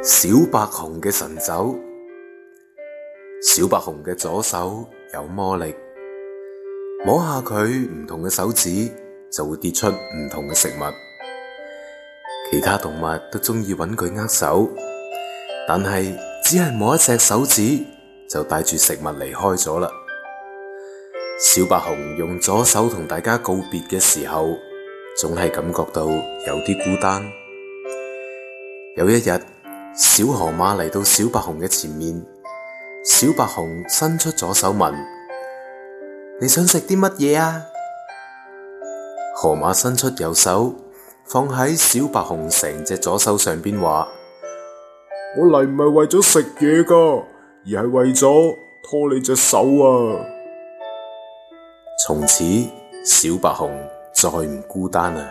小白熊嘅神手，小白熊嘅左手有魔力，摸下佢唔同嘅手指，就會跌出唔同嘅食物。其他動物都中意揾佢握手，但係只係摸一隻手指，就帶住食物離開咗啦。小白熊用左手同大家告別嘅時候，總係感覺到有啲孤單。有一日。小河馬嚟到小白熊嘅前面，小白熊伸出左手問：你想食啲乜嘢啊？河馬伸出右手放喺小白熊成隻左手上邊，話：我嚟唔係為咗食嘢噶，而係為咗拖你隻手啊！從此，小白熊再唔孤單啦。